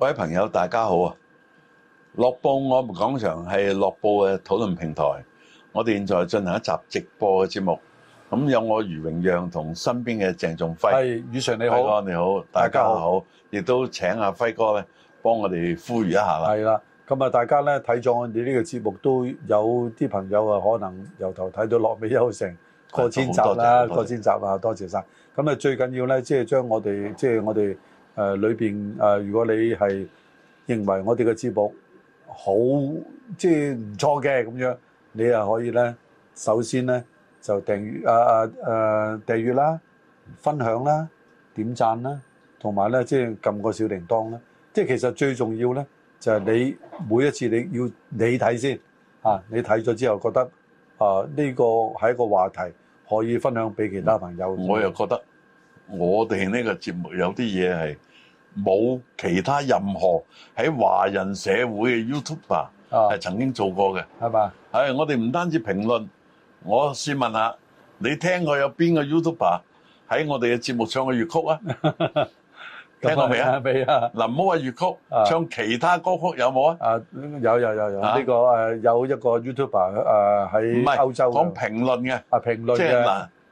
各位朋友，大家好啊！樂報我們講場係樂報嘅討論平台，我哋現在進行一集直播嘅節目。咁有我余榮讓同身邊嘅鄭仲輝，係宇常你好，輝哥你好，大家好，亦的都請阿輝哥咧，幫我哋呼籲一下啦。係啦，咁啊，大家咧睇咗我哋呢個節目，都有啲朋友啊，可能由頭睇到落尾有成過千集啦、過千集啊，多謝晒。咁啊，最緊要咧，即係將我哋，即係我哋。誒、裏邊誒、如果你係認為我哋嘅節目好即係唔錯嘅咁樣，你又可以咧，首先咧就訂閱、呃呃呃、訂閱啦，分享啦，點讚啦，同埋咧即係撳個小叮噹啦。即係其實最重要咧，就係、是、你每一次你、嗯、你要你睇先、啊、你睇咗之後覺得啊呢、呃這個係一個話題，可以分享俾其他朋友、嗯。我又覺得我哋呢個節目有啲嘢係。冇其他任何喺華人社會嘅 YouTuber 係曾經做過嘅，係嘛、哦？係我哋唔單止評論，我試問下你聽過有邊個 YouTuber 喺我哋嘅節目唱過粵曲啊？ 聽過未啊？未啊？林峯嘅粵曲，唱其他歌曲有冇啊？啊，啊有有有有呢、啊，這個有一個 YouTuber 喺、呃、歐洲講評論嘅，啊評論嘅。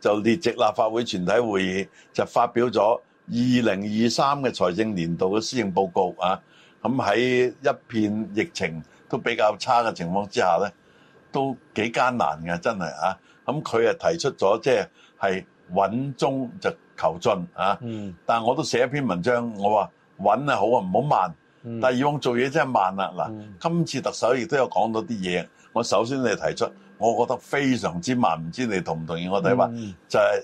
就列席立法會全體會議，就發表咗二零二三嘅財政年度嘅施政報告啊！咁喺一片疫情都比較差嘅情況之下咧，都幾艱難嘅，真係啊！咁佢誒提出咗，即係係穩中就求進啊！嗯，但係我都寫一篇文章，我話穩啊好啊，唔好慢。嗯，但係以往做嘢真係慢啦。嗱，嗯、今次特首亦都有講到啲嘢。我首先你提出，我覺得非常之慢。唔知你同唔同意我哋話？嗯、就係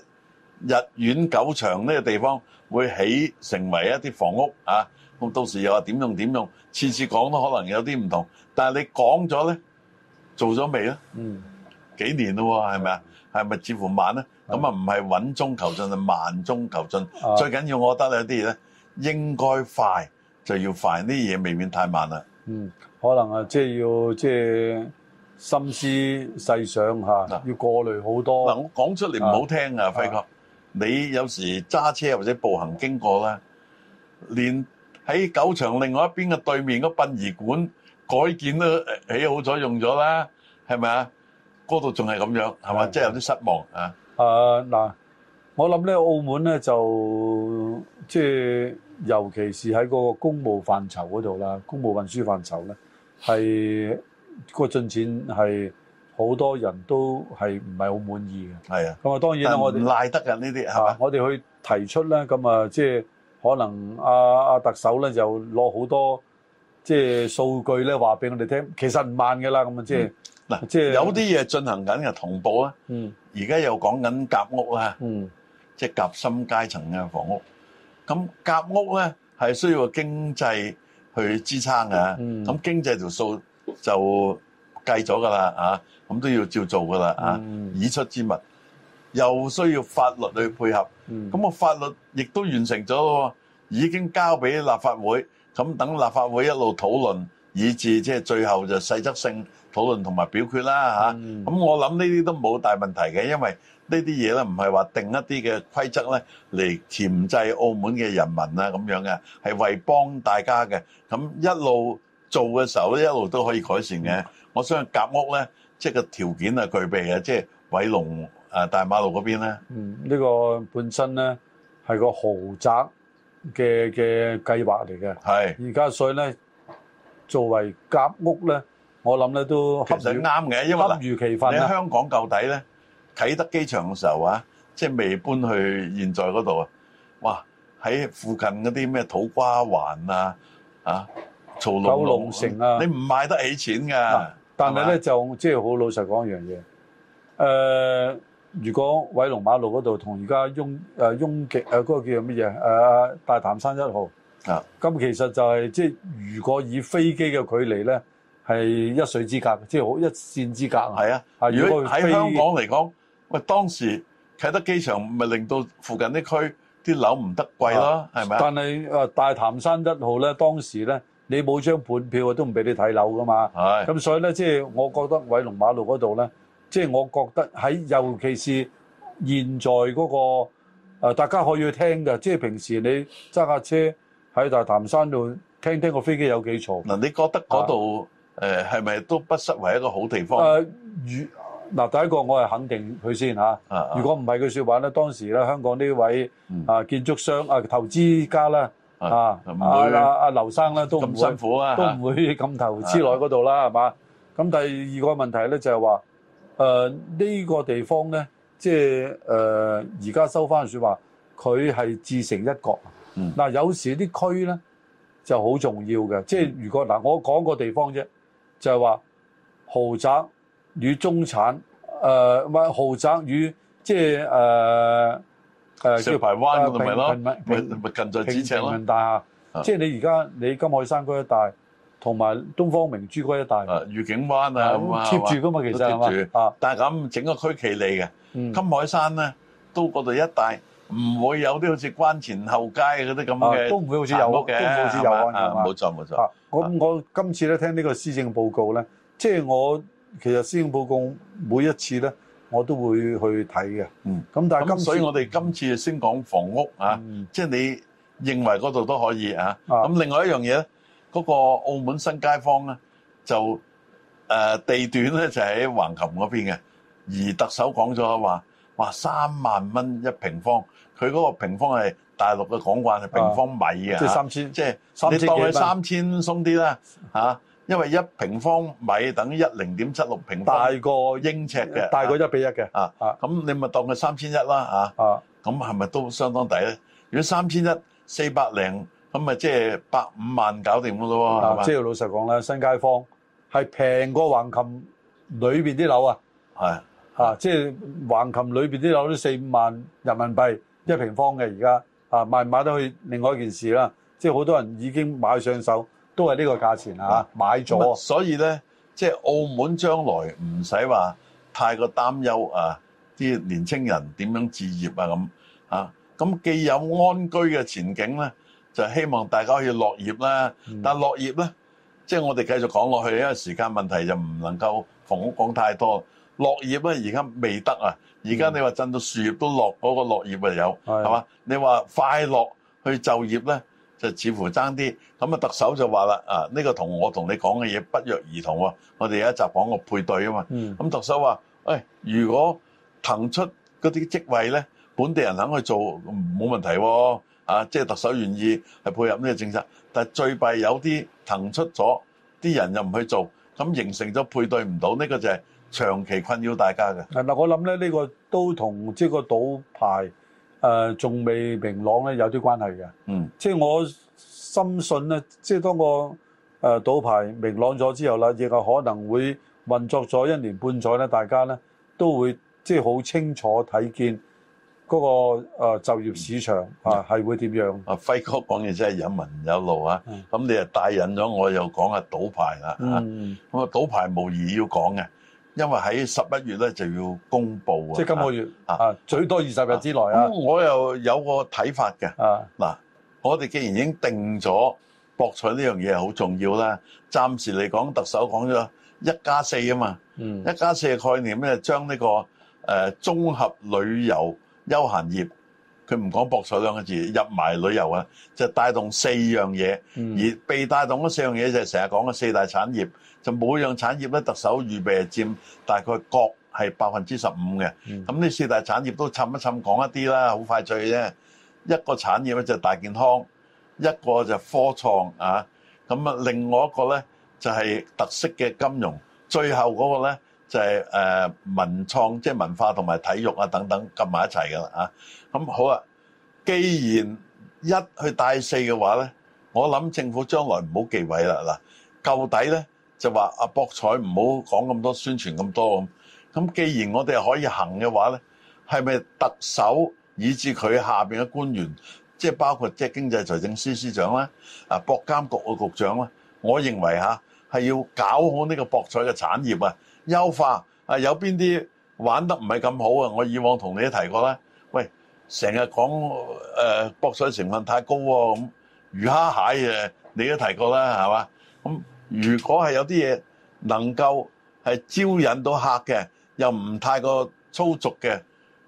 日短九長呢個地方會起成為一啲房屋啊！咁到時又話點用點用，用次次講都可能有啲唔同。但係你講咗咧，做咗未呢？嗯，幾年咯，係咪啊？係咪、啊、似乎慢咧？咁啊是，唔係穩中求進，係慢中求進。啊、最緊要我覺得有啲嘢咧，應該快就要快，啲嘢未免太慢啦。嗯，可能啊，即係要即係。心思細想下，要過濾好多。嗱，我講出嚟唔好聽啊，輝哥，你有時揸車或者步行經過啦，連喺九場另外一邊嘅對面嗰殯儀館改建都起好咗用咗啦，係咪啊？嗰度仲係咁樣，係嘛？即係有啲失望啊！啊嗱，我諗咧，澳門咧就即係尤其是喺個公務範疇嗰度啦，公務運輸範疇咧係。個進展係好多人都係唔係好滿意嘅。係的啊，咁啊當然啦，我哋唔賴得噶呢啲，係嘛？我哋去提出咧，咁啊即係可能阿、啊、阿特首咧就攞好多即係、即係、數據咧話俾我哋聽，其實唔慢噶啦，咁啊即係嗱，即係、嗯即係、有啲嘢進行緊嘅同步啊。嗯。而家又講緊夾屋啊。嗯。即係夾心階層嘅房屋，咁夾屋咧係需要經濟去支撐嘅。咁、嗯、經濟條數。就計咗噶啦，啊，咁都要照做噶啦，啊，已、嗯、出之物又需要法律去配合，咁我、嗯、法律亦都完成咗喎，已經交俾立法會，咁等立法會一路討論，以至即係最後就細則性討論同埋表決啦、啊，嚇、嗯，咁我諗呢啲都冇大問題嘅，因為呢啲嘢咧唔係話定一啲嘅規則咧嚟鉗制澳門嘅人民啊咁樣嘅，係為幫大家嘅，咁一路。做嘅時候咧，一路都可以改善嘅。我相信夾屋咧，即係個條件係具備嘅，即係偉龍啊、呃、大馬路嗰邊咧。嗯，呢個本身咧係個豪宅嘅嘅計劃嚟嘅。係。而家所以咧，作為夾屋咧，我諗咧都其實啱嘅，因為例如其份咧、啊，你香港舊底咧，啟德機場嘅時候啊，即係未搬去現在嗰度啊，哇！喺附近嗰啲咩土瓜灣啊，啊～龍龍九龍城啊，你唔買得起錢㗎、啊。但係咧吧就即係好老實講一樣嘢。誒、呃，如果偉龍馬路嗰度同而家擁誒擁極嗰、啊那個叫做乜嘢誒大潭山一號啊，咁、嗯、其實就係即係如果以飛機嘅距離咧係一水之隔，即係好一線之隔。係啊，如果喺香港嚟講，機喂當時啟德機場咪令到附近啲區啲樓唔得貴啦係咪？啊、吧但係大潭山一號咧，當時咧。你冇張半票啊，都唔俾你睇樓噶嘛。咁的所以咧，即、就、係、是、我覺得偉龍馬路嗰度咧，即、就、係、是、我覺得喺尤其是現在嗰、那個、呃、大家可以去聽㗎。即、就、係、是、平時你揸架車喺大潭山度聽聽個飛機有幾嘈。嗱、啊，你覺得嗰度誒係咪都不失為一個好地方？誒、啊，嗱、啊，第一個我係肯定佢先、啊啊、如果唔係佢說話咧，啊、當時咧香港呢位啊建築商、嗯、啊投資家咧。啊！阿阿阿劉生咧都唔會，辛苦啊、都唔會咁投資落嗰度啦，嘛、啊？咁第二個問題咧就係、是、話，誒、呃、呢、這個地方咧，即係誒而家收翻説話，佢係自成一國。嗱、嗯啊，有時啲區咧就好重要嘅，即、就、係、是、如果嗱、呃，我講個地方啫，就係、是、話豪宅與中產，誒、呃、唔係豪宅與即係誒。就是呃誒石排灣咁咪咯，近近在咫尺咯，大廈。即係你而家你金海山嗰一帶，同埋東方明珠嗰一帶，御景灣啊咁啊，貼住噶嘛其實，但係咁整個區企嚟嘅。金海山咧，都嗰度一帶，唔會有啲好似關前後街嗰啲咁嘅，都唔會好似有屋嘅。都唔會好似有安咁。冇錯，冇錯。咁我今次咧聽呢個施政報告咧，即係我其實施政報告每一次咧。我都會去睇嘅，嗯。咁但係今，所以我哋今次先講房屋啊，即係你認為嗰度都可以啊。咁另外一樣嘢咧，嗰個澳門新街坊咧，就誒地段咧就喺橫琴嗰邊嘅。而特首講咗話，話三萬蚊一平方，佢嗰個平方係大陸嘅講慣係平方米啊，即係三千，即係三你當佢三千鬆啲啦，嚇。因為一平方米等於一零點七六平方，大過英尺嘅，大過一比一嘅，啊，咁你咪當佢三千一啦，啊，咁係咪都相當抵咧？如果三千一四百零咁咪即係百五萬搞掂噶咯喎，係嘛？即係老實講咧，新街坊係平過橫琴裏邊啲樓啊，係啊，即係橫琴裏邊啲樓都四五萬人民幣一平方嘅而家，啊買唔買得去另外一件事啦，即係好多人已經買上手。都係呢個價錢啊！啊買咗了、啊，所以呢，即、就、係、是、澳門將來唔使話太過擔憂啊！啲、啊、年青人點樣置業啊？咁啊，咁既有安居嘅前景呢，就希望大家可以落業啦。嗯、但落業呢，即、就、係、是、我哋繼續講落去，因為時間問題就唔能夠房屋講太多。落葉呢，而家未得啊！而家你話震到樹葉都落，嗰、那個落葉啊有係嘛？你話快樂去就業呢。就似乎爭啲，咁啊特首就、啊、話話話啦，啊呢個同我同你講嘅嘢不約而同喎、啊，我哋有一集講個配對啊嘛，咁、嗯、特首話，誒如果騰出嗰啲職位咧，本地人肯去做冇問題喎，啊即、啊、係特首願意係配合呢個政策，但係最弊有啲騰出咗，啲人又唔去做，咁形成咗配對唔到，呢個就係長期困擾大家嘅。嗱我諗咧，呢、呢個都同即係個賭牌。誒仲、呃、未明朗咧，有啲關係嘅，嗯，即係我深信咧，即係當個誒、呃、賭牌明朗咗之後啦，亦係可能會運作咗一年半載咧，大家咧都會即係好清楚睇見嗰個就業市場、嗯、啊，係會點樣？啊，輝哥講嘢真係有文有路啊！咁的你係帶引咗，我又講下賭牌啦、啊、嚇，咁、嗯、啊賭牌無疑要講嘅。因為喺十一月咧就要公布啊，即係今個月啊，啊最多二十日之內啊。咁我又有個睇法嘅啊。嗱、啊，我哋既然已經定咗博彩呢樣嘢好重要啦，暫時嚟講，特首講咗一加四啊嘛，嗯，一加四嘅概念咧，將呢個誒綜合旅遊休閒業。佢唔講博彩兩個字，入埋旅遊啊，就帶、是、動四樣嘢，嗯、而被帶動嗰四樣嘢就係成日講嘅四大產業，就每樣產業咧，特首預備係佔大概各係百分之十五嘅。咁呢、嗯、四大產業都冧一冧講一啲啦，好快脆啫。一個產業咧就係大健康，一個就係科創啊，咁啊另外一個咧就係、是、特色嘅金融，最後嗰個咧，就係誒文創，即係文化同埋體育啊等等，撳埋一齊噶啦啊！咁好啊。既然一去帶四嘅話咧，我諗政府將來唔好忌諱啦嗱。究竟咧就話博彩唔好講咁多宣傳咁多咁。咁既然我哋可以行嘅話咧，係咪特首以至佢下面嘅官員，即係包括即係經濟財政司司長啦，啊博監局嘅局長啦，我認為嚇係要搞好呢個博彩嘅產業啊！優化啊，有邊啲玩得唔係咁好啊？我以往同你都提過啦。喂，成日講誒博彩成分太高喎、哦，咁魚蝦蟹誒，你都提過啦，係嘛？咁、嗯、如果係有啲嘢能夠係招引到客嘅，又唔太過粗俗嘅，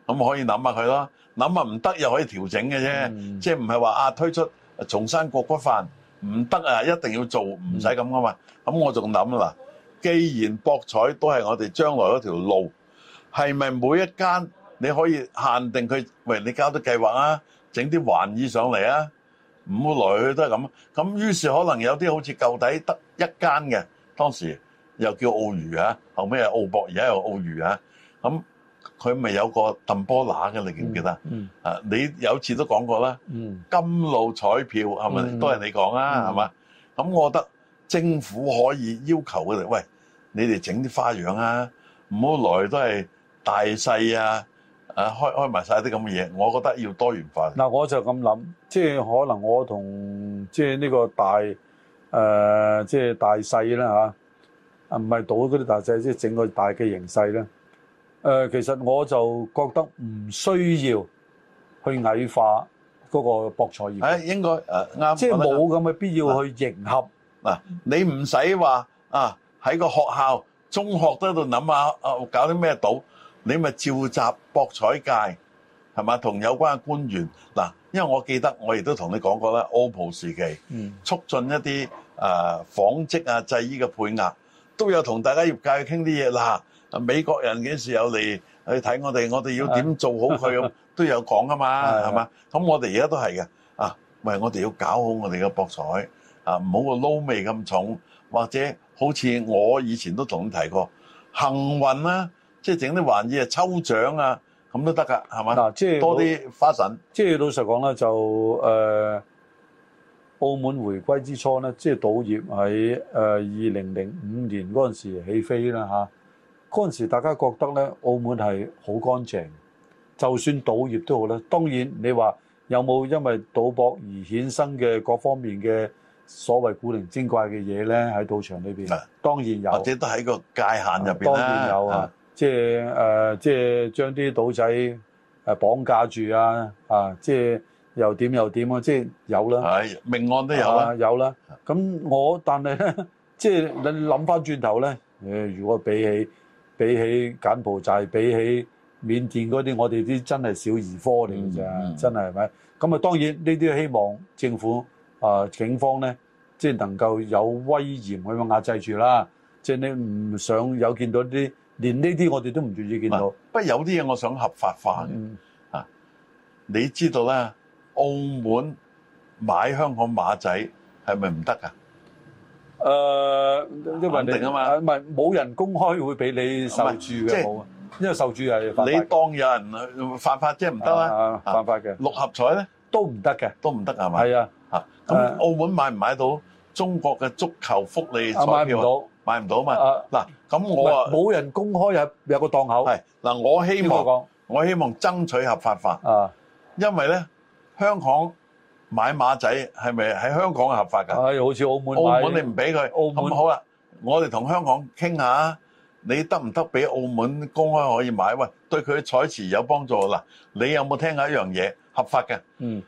咁可以諗下佢咯。諗下唔得又可以調整嘅啫，即係唔係話啊推出重山國骨飯唔得啊，一定要做唔使咁噶嘛。咁我仲諗啊。既然博彩都係我哋將來嗰條路，係咪每一間你可以限定佢？喂，你交啲計劃啊，整啲玩意上嚟啊，唔好來去都係咁。咁於是可能有啲好似舊底得一間嘅，當時又叫澳娛啊，後尾係澳博，而家又澳娛啊。咁佢咪有個鄧波乸嘅你記唔記得？嗯。啊、嗯，你有次都講過啦。嗯。金路彩票係咪、嗯、都係你講啊？係嘛、嗯？咁我覺得政府可以要求佢哋喂。你哋整啲花樣啊！唔好來都係大細啊！啊，開開埋晒啲咁嘅嘢，我覺得要多元化。嗱、啊，我就咁諗，即係可能我同即係呢個大誒、呃，即係大細啦嚇，啊唔係賭嗰啲大細，即係整個大嘅形勢咧。誒、呃，其實我就覺得唔需要去矮化嗰個博彩業。誒、啊，應該誒啱，啊、即係冇咁嘅必要去迎合嗱、啊啊，你唔使話啊。喺個學校中學都喺度諗下啊！啊，搞啲咩賭。你咪召集博彩界係嘛？同有關嘅官員嗱、啊，因為我記得我亦都同你講過啦。OPPO 時期，嗯，促進一啲誒、啊、紡織啊製衣嘅配額，都有同大家業界傾啲嘢啦。啊，美國人幾時有嚟去睇我哋？我哋要點做好佢？ 都有講啊嘛，係嘛？ 咁我哋而家都係嘅啊！喂我哋要搞好我哋嘅博彩啊，唔好個撈味咁重。或者好似我以前都同你提過，幸運啦、啊，即係整啲玩意啊，抽獎啊，咁都得噶，係咪？嗱、啊，即係多啲花神。即係老實講啦，就誒、呃、澳門回歸之初咧，即係賭業喺誒二零零五年嗰陣時起飛啦嚇。嗰、啊、陣時大家覺得咧，澳門係好乾淨，就算賭業都好咧。當然你話有冇因為賭博而衍生嘅各方面嘅，所謂古靈精怪嘅嘢咧，喺賭場裏邊當然有，或者都喺個界限入邊當然有啊，即係誒，即係將啲賭仔誒綁架住啊！啊，即係又點又點啊！即係有啦，誒命案都有啦，啊，有啦。咁我但係咧，即係你諗翻轉頭咧，誒，如果比起比起柬埔寨、比起緬甸嗰啲，我哋啲真係小兒科嚟嘅啫，嗯嗯真係係咪？咁啊，當然呢啲希望政府。啊、呃！警方咧，即係能夠有威嚴去壓制住啦。即係你唔想有見到啲，連呢啲我哋都唔願意見到。不過有啲嘢我想合法化、嗯、啊！你知道咧，澳門買香港馬仔係咪唔得噶？誒、呃，因為你唔係冇人公開會俾你受注嘅，就是、因為受注係犯法嘅。你當有人犯法即係唔得呀。犯法嘅六、啊、合彩咧都唔得嘅，都唔得係咪？係啊的。啊！咁澳門買唔買到中國嘅足球福利彩票？買唔到？買唔到嘛？嗱、啊，咁、啊啊、我話冇人公開有有個檔口。嗱、啊，我希望說我希望爭取合法化。啊，因為咧，香港買馬仔係咪喺香港合法㗎、啊？好似澳門澳門你唔俾佢，澳門好啦，我哋同香港傾下，你得唔得俾澳門公開可以買？喂，對佢彩池有幫助嗱。你有冇聽下一樣嘢合法嘅？嗯。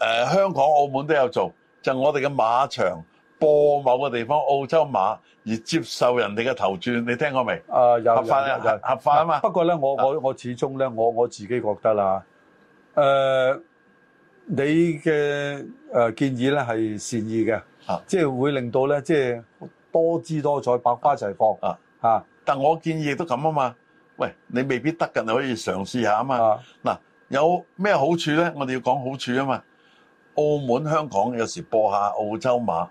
誒、呃、香港、澳門都有做，就係、我哋嘅馬場播某個地方澳洲馬，而接受人哋嘅頭轉，你聽過未？啊、呃，有合法有有合法啊嘛。呃呃、不過咧，呃、我我我始終咧，我我自己覺得啦，誒、呃，你嘅、呃、建議咧係善意嘅，啊、即係會令到咧，即係多姿多彩、百花齊放啊，啊，啊但我建議都咁啊嘛，喂，你未必得㗎，你可以嘗試下啊嘛。嗱、啊呃，有咩好處咧？我哋要講好處啊嘛。澳門、香港有時播下澳洲馬，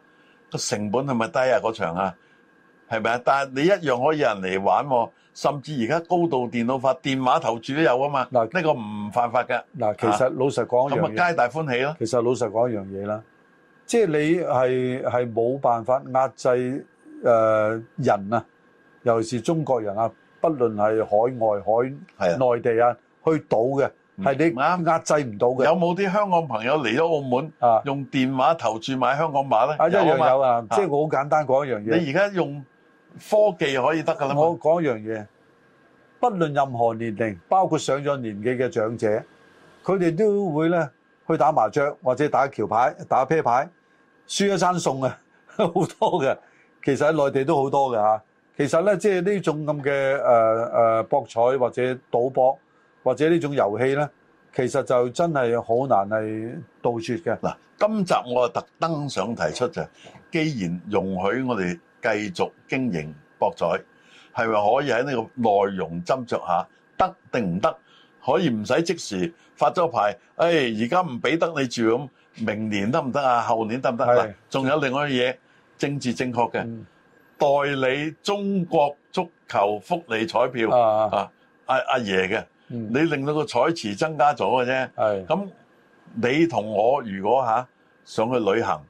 個成本係咪低啊？嗰場啊，係咪啊？但係你一樣可以有人嚟玩喎，甚至而家高度電腦化、電話投注都有啊嘛。嗱，呢個唔犯法嘅。嗱，其實老實講，咁啊，皆大歡喜咯。其實老實講一樣嘢啦，即係你係係冇辦法壓制誒人啊，尤其是中國人啊，不論係海外、海內地啊，去賭嘅。係你壓壓制唔到嘅。嗯嗯嗯、有冇啲香港朋友嚟咗澳門，啊、用電話投注買香港碼咧？啊、吧一樣有啊，即係我好簡單講一樣嘢。你而家用科技可以得噶啦。我講一樣嘢，不論任何年齡，包括上咗年紀嘅長者，佢哋都會咧去打麻將或者打橋牌、打啤牌，輸一餐餸啊，好 多嘅。其實喺內地都好多㗎、啊。其實咧，即係呢種咁嘅誒誒博彩或者賭博。或者呢種遊戲咧，其實就真係好難係杜絕嘅。嗱，今集我啊特登上提出就，既然容許我哋繼續經營博彩，係咪可以喺呢個內容斟酌下，得定唔得？可以唔使即時發咗牌，誒，而家唔俾得你住咁，明年得唔得啊？後年得唔得？嗱，仲有另外一嘢政治正確嘅代理中國足球福利彩票啊！阿阿爺嘅。嗯、你令到個彩池增加咗嘅啫，咁是你同我如果吓想，啊、去旅行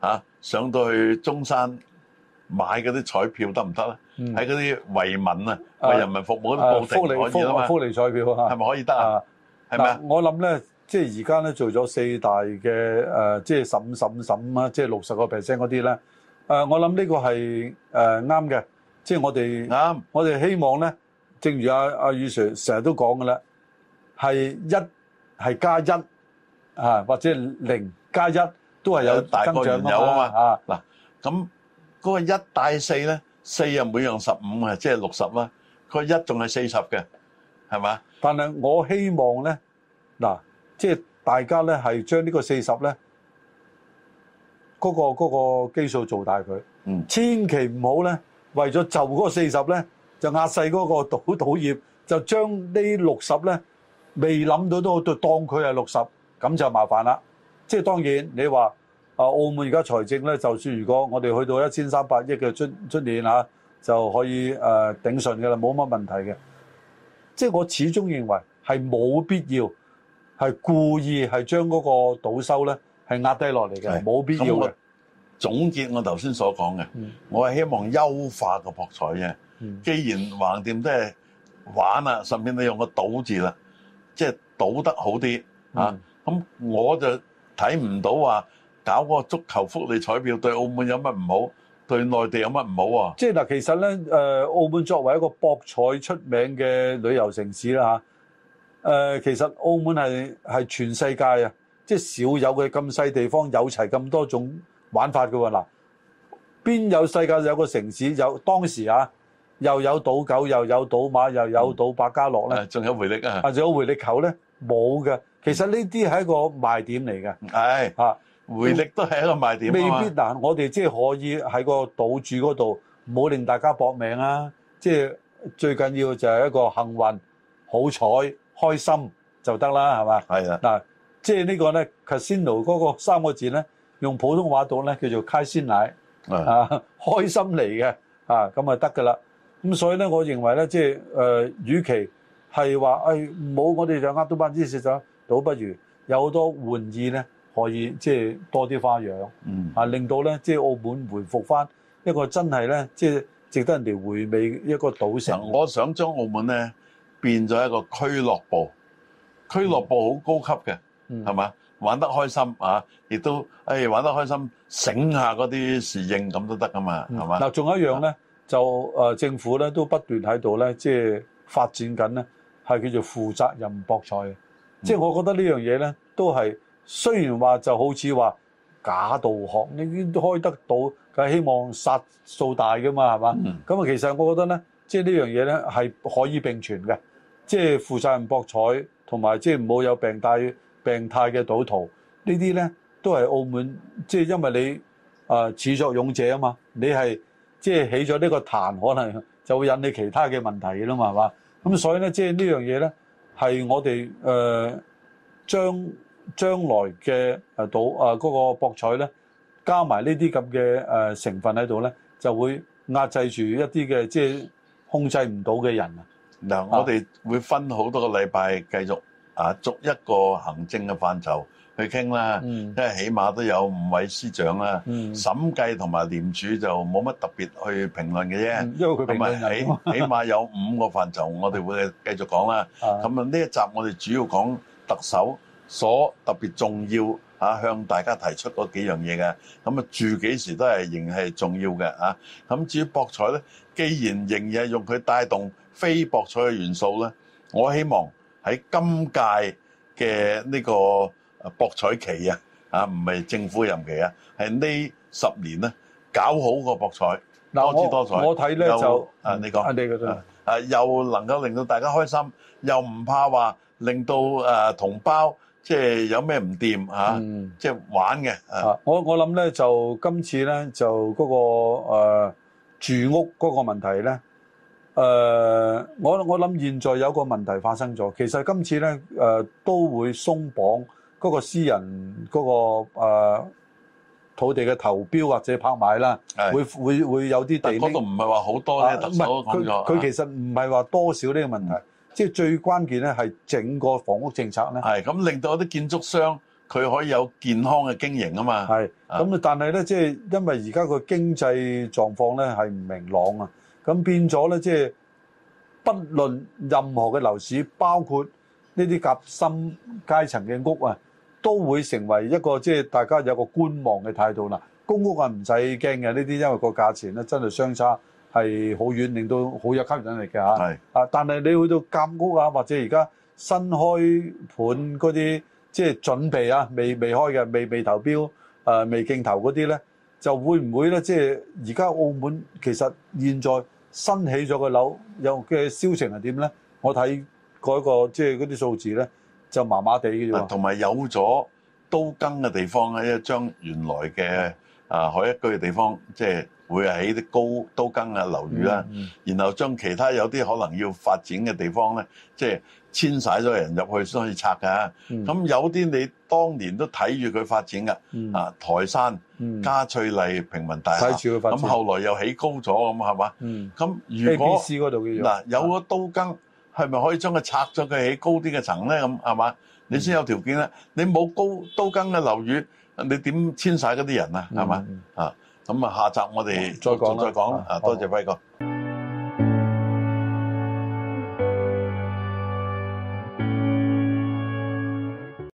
嚇，啊、上到去中山買嗰啲彩票得唔得咧？喺嗰啲惠民啊，啊為人民服務嗰啲報亭可福利，福利彩票係咪可以可以啊，係咪可以得啊？係咪啊？我諗咧，即係而家咧做咗四大嘅誒、呃，即係十五十五十五啊，即係六十個 percent 嗰啲咧。誒、呃，我諗呢個係誒啱嘅，即係我哋啱，對我哋希望咧。正如阿阿宇 Sir 成日都講嘅咧，係一係加一啊，或者係零加一都係有大個原有啊嘛。嗱，咁嗰個一帶四咧，四又每樣十五啊，即係六十啦。嗰個一仲係四十嘅，係咪？但係我希望咧，嗱，即係大家咧係將呢個四十咧，嗰個嗰個基數做大佢。嗯。千祈唔好咧，為咗就嗰個四十咧。就壓細嗰個賭賭業，就將呢六十咧，未諗到都當佢係六十，咁就麻煩啦。即係當然，你話啊，澳門而家財政咧，就算如果我哋去到一千三百億嘅出出年吓，就可以誒頂順㗎啦，冇乜問題嘅。即係我始終認為係冇必要，係故意係將嗰個賭收咧係壓低落嚟嘅，冇的必要嘅。總結我頭先所講嘅，我係希望優化個博彩嘅。既然橫掂都係玩都是、嗯、啊，順便你用個賭字啦，即係賭得好啲啊。咁我就睇唔到話搞嗰個足球福利彩票對澳門有乜唔好，對內地有乜唔好啊？即係嗱，其實咧誒，澳門作為一個博彩出名嘅旅遊城市啦嚇，誒、啊、其實澳門係係全世界啊，即係少有嘅咁細地方有齊咁多種。玩法噶喎嗱，邊有世界有個城市有當時啊？又有賭狗又有賭馬又有賭百家樂咧？仲、嗯、有回力啊？啊，仲有回力球咧？冇嘅，其實呢啲係一個賣點嚟嘅。係、嗯哎、回力都係一個賣點、啊。未必嗱、啊，我哋即係可以喺個賭注嗰度，唔好令大家搏命啊！即係最緊要就係一個幸運、好彩、開心就得啦，係嘛？係的啊嗱，即係呢個咧，casino 嗰個三個字咧。用普通話讀咧叫做開鮮奶，嗯、啊開心嚟嘅，啊咁啊得㗎喇。咁所以咧，我認為咧，即係誒，與、呃、其係話唔好我哋呃到百分之四十，倒不如有好多玩意咧，可以即係、就是、多啲花樣，嗯、啊令到咧即係澳門回復翻一個真係咧，即、就、係、是、值得人哋回味一個賭城、嗯。我想將澳門咧變咗一個俱樂部，俱樂部好高級嘅，係嘛、嗯？玩得開心啊！亦都誒、哎、玩得開心，醒下嗰啲侍應咁都得㗎嘛，係嘛、嗯？嗱吧，仲有一樣咧，就、呃、政府咧都不斷喺度咧，即係發展緊咧，係叫做負責任博彩、嗯、即係我覺得呢樣嘢咧，都係雖然話就好似話假道學你應該都開得到，佢希望殺數大噶嘛，係嘛？咁啊、嗯，其實我覺得咧，即係呢樣嘢咧係可以並存嘅，即係負責任博彩同埋即係唔好有病帶。病態嘅賭徒呢啲咧，都係澳門即係、就是、因為你啊、呃、始作俑者啊嘛，你係即係起咗呢個壇，可能就會引起其他嘅問題嘅啦嘛，係嘛？咁所以咧，即、就、係、是、呢樣嘢咧，係我哋誒、呃、將將來嘅誒賭啊嗰、呃嗰個博彩咧，加埋呢啲咁嘅誒成分喺度咧，就會壓制住一啲嘅即係控制唔到嘅人啊！嗱、嗯，嗯、我哋會分好多個禮拜繼續。啊，逐一個行政嘅範疇去傾啦，因為起碼都有五位司長啦。審計同埋廉署就冇乜特別去評論嘅啫，唔因為佢評論係嘛？起起碼有五個範疇，我哋會繼續講啦。咁啊，呢一集我哋主要講特首所特別重要嚇向大家提出嗰幾樣嘢嘅。咁啊，住幾時都係仍係重要嘅啊。咁至於博彩咧，既然仍然係用佢帶動非博彩嘅元素咧，我希望。喺今屆嘅呢個博彩期啊，啊唔係政府任期啊，係呢十年咧，搞好個博彩多姿多彩。我我睇咧就啊，你講啊，你嘅對啊，又能夠令到大家開心，又唔怕話令到啊同胞即係有咩唔掂啊，即係玩嘅啊。我我諗咧就今次咧就嗰個誒住屋嗰個問題咧。誒、呃，我我諗現在有個問題發生咗。其實今次咧，誒、呃、都會鬆綁嗰個私人嗰、那個、呃、土地嘅投標或者拍賣啦，是會會會有啲地面。嗰度唔係話好多呢特首，佢佢其實唔係話多少呢個問題，嗯、即係最關鍵咧係整個房屋政策咧。咁令到啲建築商佢可以有健康嘅經營啊嘛。咁是，啊、但係咧即係因為而家個經濟狀況咧係唔明朗啊。咁變咗咧，即係不論任何嘅樓市，包括呢啲夾心階層嘅屋啊，都會成為一個即係大家有個觀望嘅態度啦。公屋係唔使驚嘅，呢啲因為個價錢咧真係相差係好遠，令到好有吸引力嘅吓，係啊，但係你去到監屋啊，或者而家新開盤嗰啲即係準備啊，未未開嘅，未未投標、啊、未競投嗰啲咧，就會唔會咧？即係而家澳門其實現在。新起咗嘅樓有嘅銷情係點咧？我睇嗰、嗰個即係嗰啲數字咧，就麻麻地嘅啫。同埋有咗都更嘅地方咧，一張原來嘅啊海一居嘅地方，即係。會喺啲高刀耕嘅、啊、樓宇啦、啊，嗯嗯、然後將其他有啲可能要發展嘅地方咧，即係遷徙咗人入去先可以拆嘅咁、啊嗯、有啲你當年都睇住佢發展㗎，嗯、啊台山、嘉、嗯、翠麗、平民大廈，睇住佢發展。咁後來又起高咗咁係嘛？咁、嗯、如果嗱有咗刀耕，係咪可以將佢拆咗佢起高啲嘅層咧？咁係嘛？你先有條件啦。嗯、你冇高刀耕嘅樓宇，你點遷徙嗰啲人啊？係嘛啊？嗯嗯咁啊，下集我哋再講，再講說啦。說啊，多謝輝哥。好好